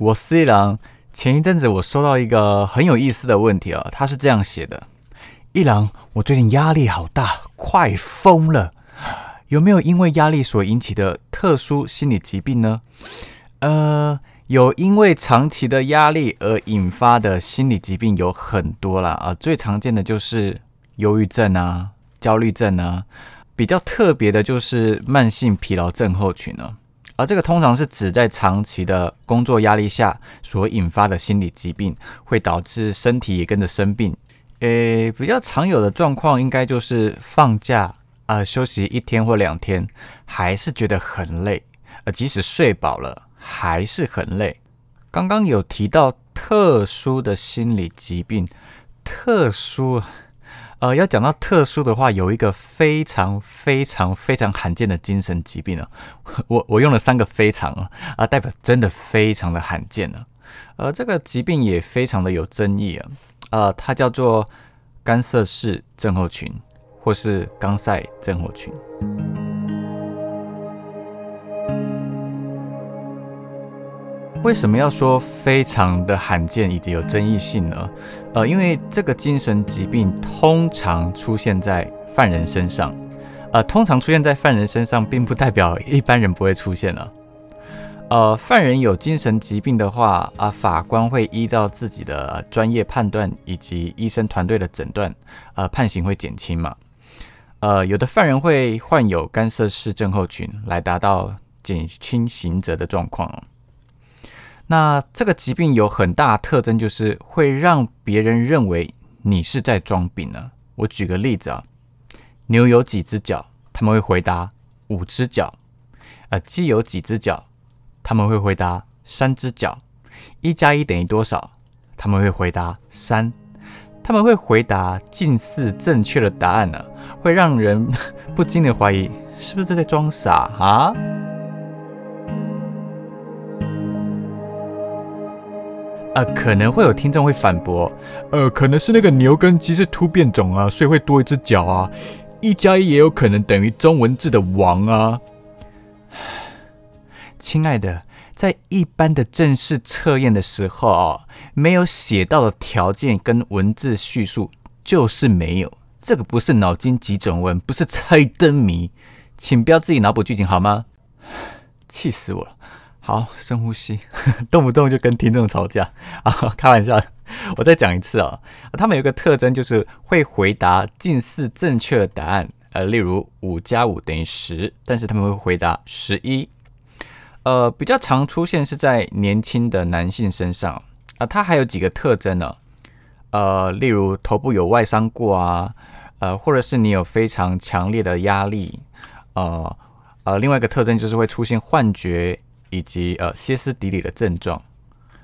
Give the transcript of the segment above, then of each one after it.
我是一郎，前一陣子我收到一個很有意思的問題啊，他是這樣寫的：一郎，我最近壓力好大，快瘋了，有沒有因為壓力所引起的特殊心理疾病呢？呃，有因為長期的壓力而引發的心理疾病有很多啦啊、呃，最常見的就是憂鬱症啊、焦慮症啊，比較特別的就是慢性疲勞症候群了、啊。而這個通常是指在長期的工作壓力下所引發的心理疾病，會導致身體也跟着生病。誒，比較常有的狀況應該就是放假啊，呃，休息一天或兩天，還是覺得很累。呃，即使睡飽了，還是很累。剛剛有提到特殊的心理疾病，特殊。呃，要講到特殊的話，有一個非常非常非常罕見的精神疾病啊，我我用了三個非常啊、呃、代表真的非常的罕見了、啊。呃，這個疾病也非常的有爭議啊啊、呃，它叫做甘瑟氏症候群或是剛塞症候群。為什麼要說非常的罕見以及有爭議性呢？呃，因為這個精神疾病通常出現在犯人身上，呃，通常出現在犯人身上，並不代表一般人不會出現了、啊、呃，犯人有精神疾病的話，啊、呃，法官會依照自己的專業判斷以及醫生團隊的診斷，呃，判刑會減輕嘛？呃，有的犯人會患有甘瑟氏症候群，來達到減輕刑責的狀況。那這個疾病有很大的特徵，就是會讓別人認為你是在裝病呢、啊。我舉個例子啊，牛有幾隻腳？他們會回答五只腳。呃，雞有幾隻腳？他們會回答三只腳。一加一等於多少？他們會回答三。他們會回答近似正確的答案呢、啊，會讓人不禁的懷疑，是不是在裝傻啊？呃，可能會有聽眾會反駁，呃，可能是那個牛跟雞是突變種啊，所以會多一隻腳啊。一加一也有可能等於中文字的王啊。親愛的，在一般的正式測驗的時候啊、哦，沒有寫到的條件跟文字敘述就是沒有。這個不是腦筋急轉彎，不是猜燈謎，請不要自己腦補劇情好嗎？氣死我了！好，深呼吸呵呵，動不動就跟聽眾吵架啊！開玩笑，我再講一次啊！他們有個特徵就是會回答近似正確的答案，呃，例如五加五等於十，但是他們會回答十一。呃，比較常出現是在年輕的男性身上啊。他、呃、還有幾個特徵呢？呃，例如頭部有外傷過啊，呃，或者是你有非常強烈的壓力，呃，呃，另外一個特徵就是會出現幻覺。以及呃歇斯底里的症狀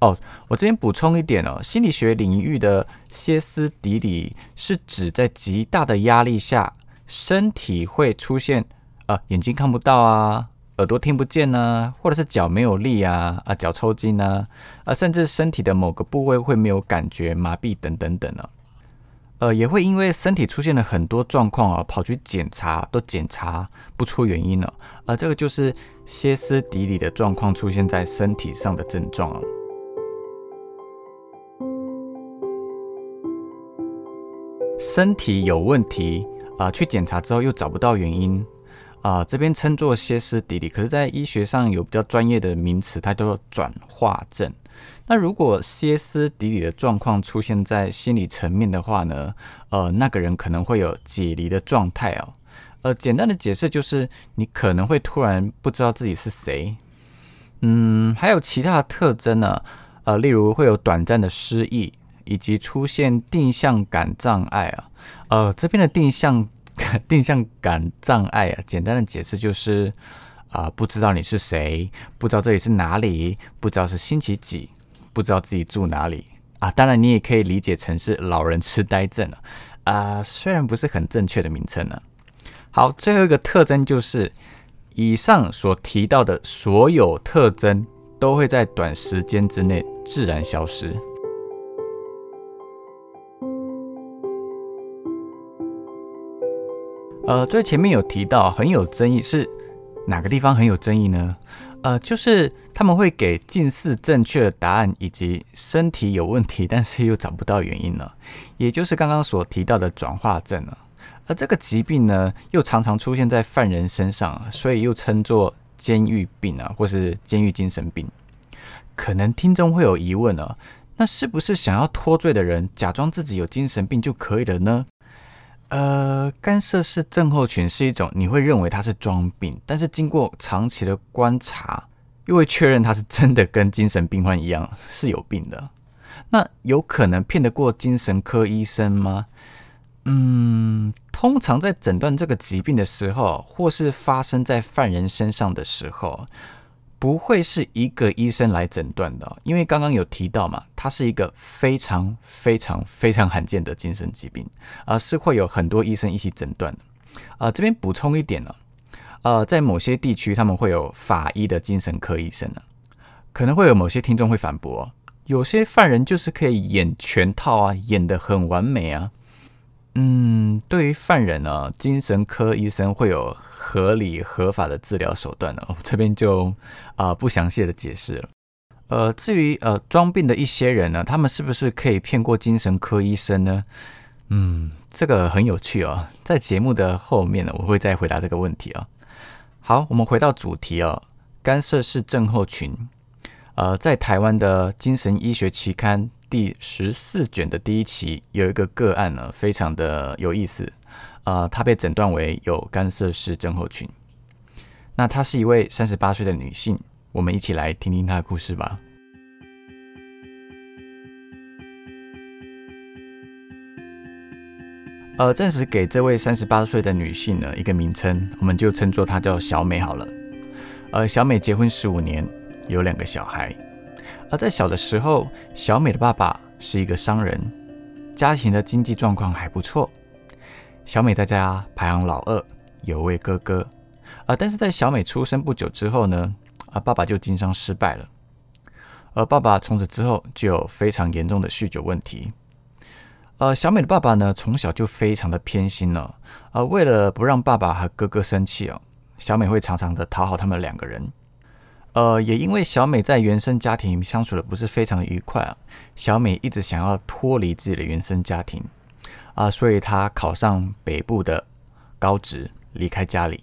哦，我這邊補充一點哦，心理學領域的歇斯底裡是指在極大的壓力下，身體會出現啊、呃、眼睛看不到啊，耳朵聽不見吶、啊，或者是腳沒有力啊啊腳、呃、抽筋吶、啊，啊、呃，甚至身體的某個部位會沒有感覺麻痹等等等呢、哦。呃，也會因為身體出現了很多狀況而、啊、跑去檢查，都檢查不出原因了。啊、呃，這個就是歇斯底里的狀況出現在身體上的症狀。身體有問題啊、呃，去檢查之後又找不到原因啊、呃，這邊稱作歇斯底里。可是，在醫學上有比較專業的名詞，它叫做轉化症。那如果歇斯底里的狀況出現在心理層面的話呢？呃，那個人可能會有解離的狀態哦。呃，簡單的解釋就是，你可能會突然不知道自己是誰。嗯，還有其他的特徵呢、啊？呃，例如會有短暫的失憶，以及出現定向感障礙啊。呃，這邊的定向定向感障礙啊，簡單的解釋就是。啊、呃，不知道你是誰，不知道這裡是哪裡，不知道是星期幾，不知道自己住哪裡啊。當然，你也可以理解成是老人痴呆症啊，雖然不是很正確的名稱呢、啊。好，最後一個特徵就是，以上所提到的所有特徵都會在短時間之內自然消失。呃，最前面有提到很有爭議是。哪個地方很有爭議呢？呃，就是他們會給近似正確的答案，以及身體有問題，但是又找不到原因了啊，也就是剛剛所提到的轉化症啊。而這個疾病呢，又常常出現在犯人身上，所以又稱作監獄病啊，或是監獄精神病。可能聽眾會有疑問啊，那是不是想要脫罪的人，假裝自己有精神病就可以了呢？呃，甘瑟氏症候群是一種，你會認為他是裝病，但是經過長期的觀察，又會確認他是真的跟精神病患一樣是有病的。那有可能騙得過精神科醫生嗎？嗯，通常在診斷這個疾病的時候，或是發生在犯人身上的時候。不會是一個醫生來診斷的，因為剛剛有提到嘛，它是一個非常非常非常罕見的精神疾病，而、呃、是會有很多醫生一起診斷的。呃，這邊補充一點呢、啊，呃，在某些地區他們會有法醫的精神科醫生呢、啊，可能會有某些聽眾會反駁、啊，有些犯人就是可以演全套啊，演得很完美啊。嗯，對於犯人呢、哦，精神科醫生會有合理合法的治療手段呢、哦。我這邊就啊、呃、不詳細的解釋了。呃，至於呃裝病的一些人呢，他們是不是可以騙過精神科醫生呢？嗯，這個很有趣哦，在節目的後面呢，我會再回答這個問題哦。好，我們回到主題哦，甘瑟氏症候群。呃，在台灣的精神醫學期刊，第十四卷的第一期有一個個案呢，非常的有意思。呃，她被診斷為有甘瑟氏症候群。那她是一位三十八歲的女性，我們一起來聽聽她的故事吧。呃，暫時給這位三十八歲的女性呢一個名稱，我們就稱作她叫小美好了。呃，小美結婚十五年，有兩個小孩。而在小的時候，小美的爸爸是一個商人，家庭的經濟狀況還不錯。小美在家排行老二，有位哥哥。啊，但是在小美出生不久之後呢，啊，爸爸就經商失敗了。而爸爸從此之後就有非常嚴重的酗酒問題。呃，小美的爸爸呢從小就非常的偏心了。啊，為了不讓爸爸和哥哥生氣哦，小美會常常的討好他們兩個人。呃，也因為小美在原生家庭相處的不是非常的愉快啊，小美一直想要脫離自己的原生家庭啊，所以她考上北部的高職，離開家裡。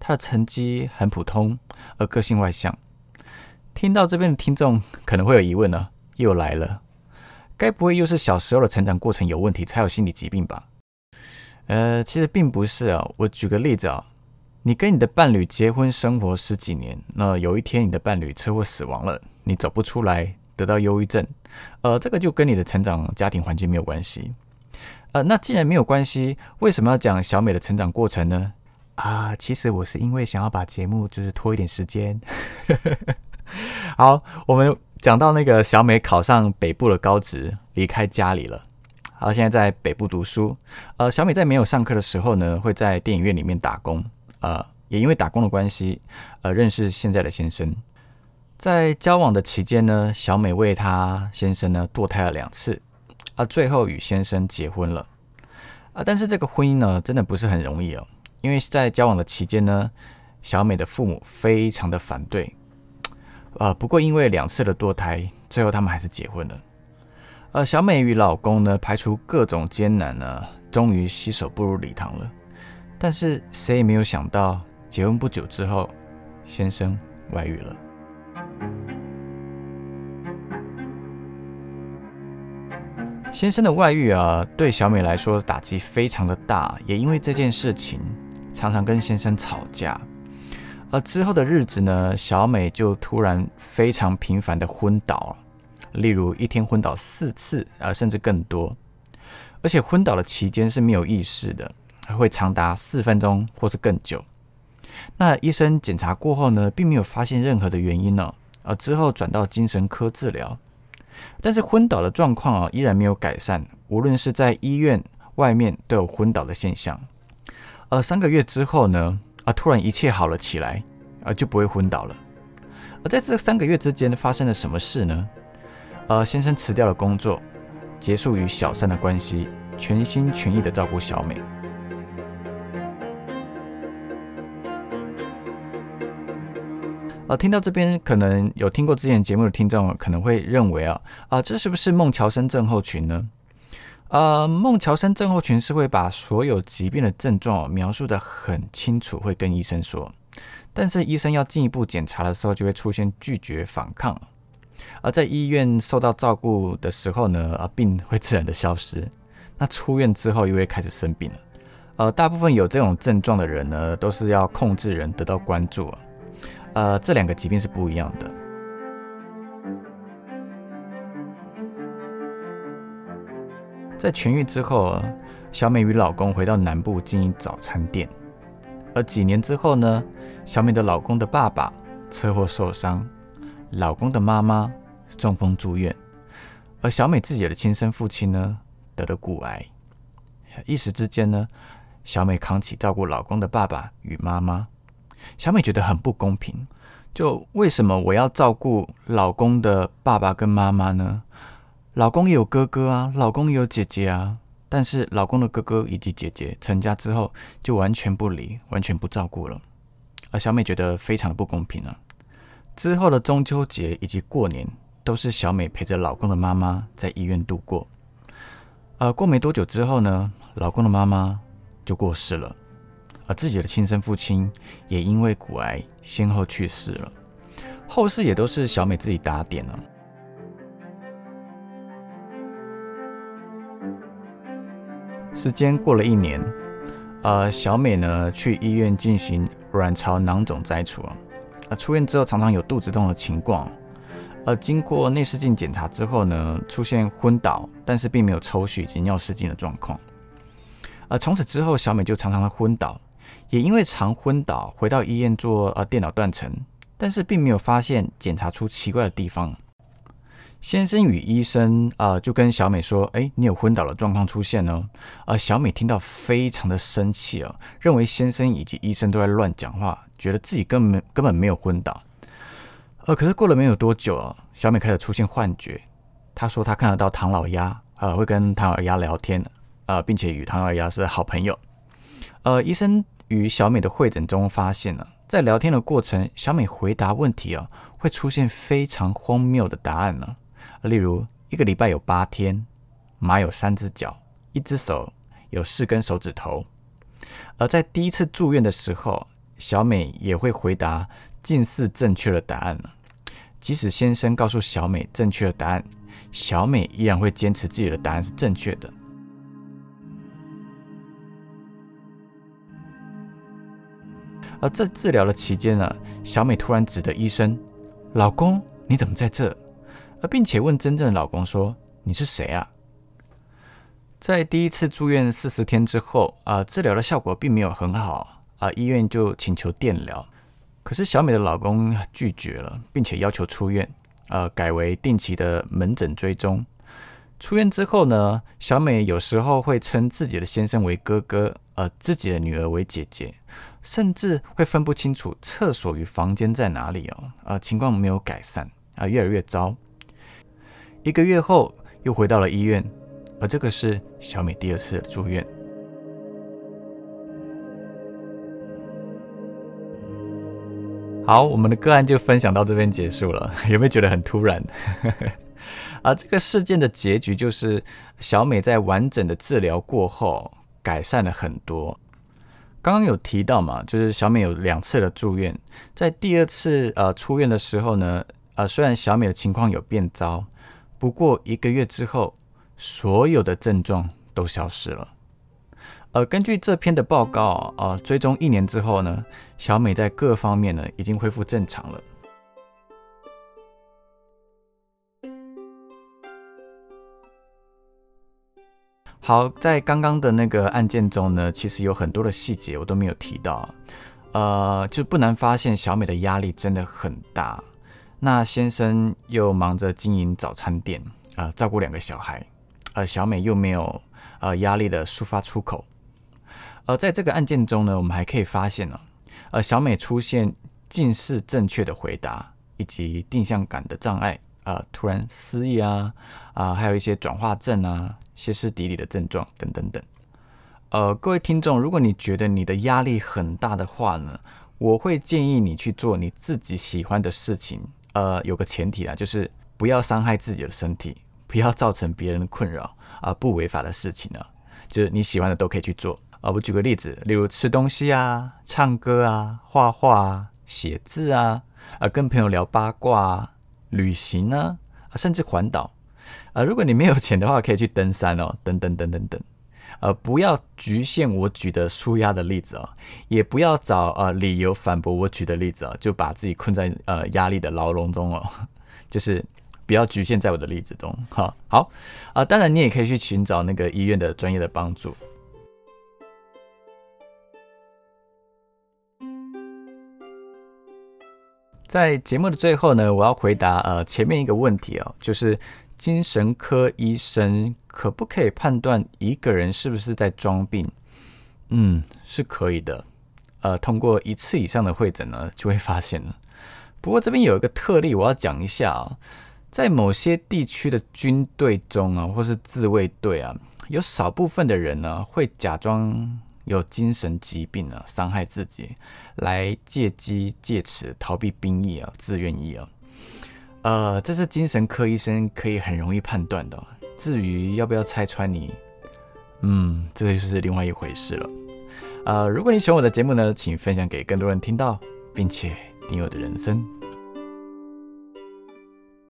她的成績很普通，而個性外向。聽到這邊的聽眾可能會有疑問呢，啊，又來了，該不會又是小時候的成長過程有問題，才有心理疾病吧？呃，其實並不是啊，我舉個例子啊。你跟你的伴侶結婚生活十幾年，那有一天你的伴侶車禍死亡了，你走不出來，得到憂鬱症，呃，這個就跟你的成長家庭環境沒有關係，呃，那既然沒有關係，為什麼要講小美的成長過程呢？啊、呃，其實我是因為想要把節目就是拖一點時間。 好，我們講到那個小美考上北部的高職，離開家裡了，好，現在在北部讀書。呃，小美在沒有上課的時候呢，會在電影院裡面打工。呃，也因為打工的關係，呃，認識現在的先生。在交往的期間呢，小美為她先生呢墮胎了兩次，啊、呃，最後與先生結婚了。啊、呃，但是這個婚姻呢，真的不是很容易哦，因為在交往的期間呢，小美的父母非常的反對。呃，不過因為兩次的墮胎，最後他們還是結婚了。呃，小美與老公呢，排除各種艱難呢，終於攜手步入禮堂了。但是誰也沒有想到，結婚不久之後，先生外遇了。先生的外遇啊，對小美來說打擊非常的大，也因為這件事情，常常跟先生吵架。而之後的日子呢，小美就突然非常頻繁的昏倒啊，例如一天昏倒四次啊，甚至更多。而且昏倒的期間是沒有意識的。還會長達四分鐘，或是更久。那醫生檢查過後呢，並沒有發現任何的原因呢、哦。而、呃、之後轉到精神科治療，但是昏倒的狀況啊、哦，依然沒有改善。無論是在醫院外面，都有昏倒的現象。而、呃、三個月之後呢，啊、呃，突然一切好了起來，而、呃、就不會昏倒了。而在這三個月之間發生了什麼事呢？呃、先生辭掉了工作，結束與小三的關係，全心全意的照顧小美。啊、呃，聽到這邊，可能有聽過之前節目的聽眾可能會認為啊，啊、呃，這是不是孟喬森症候群呢？呃，孟喬森症候群是會把所有疾病的症狀描述得很清楚，會跟醫生說，但是醫生要進一步檢查的時候，就會出現拒絕反抗，而在醫院受到照顧的時候呢，啊，病會自然的消失，那出院之後又會開始生病了。呃，大部分有這種症狀的人呢，都是要控制人得到關注。呃，這兩個疾病是不一樣的。在痊癒之後，小美與老公回到南部經營早餐店。而幾年之後呢，小美的老公的爸爸車禍受傷，老公的媽媽中風住院，而小美自己的親生父親呢，得了骨癌。一時之間呢，小美扛起照顧老公的爸爸與媽媽。小美覺得很不公平，就為什麼我要照顧老公的爸爸跟媽媽呢？老公也有哥哥啊，老公也有姐姐啊，但是老公的哥哥以及姐姐成家之後就完全不理，完全不照顧了，而小美覺得非常不公平了、啊。之後的中秋節以及過年都是小美陪着老公的媽媽在醫院度過，而、呃、過沒多久之後呢，老公的媽媽就過世了。而自己的親生父親也因為骨癌先後去世了，後事也都是小美自己打點了。時間過了一年，呃，小美呢去醫院進行卵巢囊腫摘除，啊、呃，出院之後常常有肚子痛的情況，而、呃、經過內視鏡檢查之後呢，出現昏倒，但是並沒有抽搐及尿失禁的狀況，而、呃、從此之後，小美就常常的昏倒。也因為常昏倒，回到醫院做呃電腦斷層，但是並沒有發現檢查出奇怪的地方。先生與醫生啊、呃、就跟小美說：“哎、欸，你有昏倒的狀況出現哦。呃”小美聽到非常的生氣哦，認為先生以及醫生都在亂講話，覺得自己根本根本沒有昏倒。呃，可是過了沒有多久啊、哦，小美開始出現幻覺，她說她看得到唐老鴨，呃，會跟唐老鴨聊天，呃，並且與唐老鴨是好朋友。呃，醫生。與小美的會診中發現了、啊，在聊天的過程，小美回答問題哦、啊，會出現非常荒謬的答案呢、啊，例如一個禮拜有八天，馬有三隻腳，一隻手有四根手指頭。而在第一次住院的時候，小美也會回答近似正確的答案，即使先生告訴小美正確的答案，小美依然會堅持自己的答案是正確的。而在治療的期間呢、啊，小美突然指着醫生：“老公，你怎麼在這？”而並且問真正的老公說：“你是誰啊？”在第一次住院四十天之後啊、呃，治療的效果並沒有很好啊、呃，醫院就請求電療，可是小美的老公拒絕了，並且要求出院，呃，改為定期的門診追蹤。出院之後呢，小美有時候會稱自己的先生為哥哥。呃，自己的女兒為姐姐，甚至會分不清楚廁所與房間在哪裡哦。呃，情況沒有改善啊，呃，越來越糟。一個月後，又回到了醫院，而這個是小美第二次的住院。好，我們的個案就分享到這邊結束了，有沒有覺得很突然？啊， 呃，這個事件的結局就是小美在完整的治療過後。改善了很多。剛剛有提到嘛，就是小美有兩次的住院，在第二次呃出院的時候呢，呃雖然小美的情況有變糟，不過一個月之後，所有的症狀都消失了。呃，根據這篇的報告啊，呃，追蹤一年之後呢，小美在各方面呢已經恢復正常了。好，在剛剛的那個案件中呢，其實有很多的細節我都沒有提到，呃，就不難發現小美的壓力真的很大。那先生又忙着經營早餐店啊、呃，照顧兩個小孩，而、呃、小美又沒有呃壓力的抒發出口。而、呃、在這個案件中呢，我們還可以發現呢，呃，小美出現近似正確的回答以及定向感的障礙。呃，突然失憶啊，啊、呃，還有一些轉化症啊、歇斯底里的症狀等等等。呃，各位聽眾，如果你覺得你的壓力很大的話呢，我會建議你去做你自己喜歡的事情。呃，有個前提啊，就是不要傷害自己的身體，不要造成別人的困擾啊、呃，不違法的事情呢、啊，就是你喜歡的都可以去做。啊、呃，我舉個例子，例如吃東西啊、唱歌啊、畫畫啊、寫字啊、啊、呃，跟朋友聊八卦啊。旅行呢，啊，甚至環島，啊、呃，如果你沒有錢的話，可以去登山哦，等等等等等，呃，不要局限我舉的舒壓的例子哦，也不要找呃理由反駁我舉的例子哦，就把自己困在呃壓力的牢籠中哦，就是不要局限在我的例子中，哈、啊，好，啊、呃，當然你也可以去尋找那個醫院的專業的幫助。在節目的最後呢，我要回答呃前面一個問題哦，就是精神科醫生可不可以判斷一個人是不是在裝病？嗯，是可以的，呃，通過一次以上的會診呢，就會發現了。不過這邊有一個特例，我要講一下啊，在某些地區的軍隊中啊，或是自衛隊啊，有少部分的人呢，會假裝。有精神疾病啊，傷害自己，來借機借此逃避兵役啊，自願役啊，呃，這是精神科醫生可以很容易判斷的。至於要不要拆穿你，嗯，這個、就是另外一回事了。呃，如果你喜歡我的節目呢，請分享給更多人聽到，並且訂閱我的人生。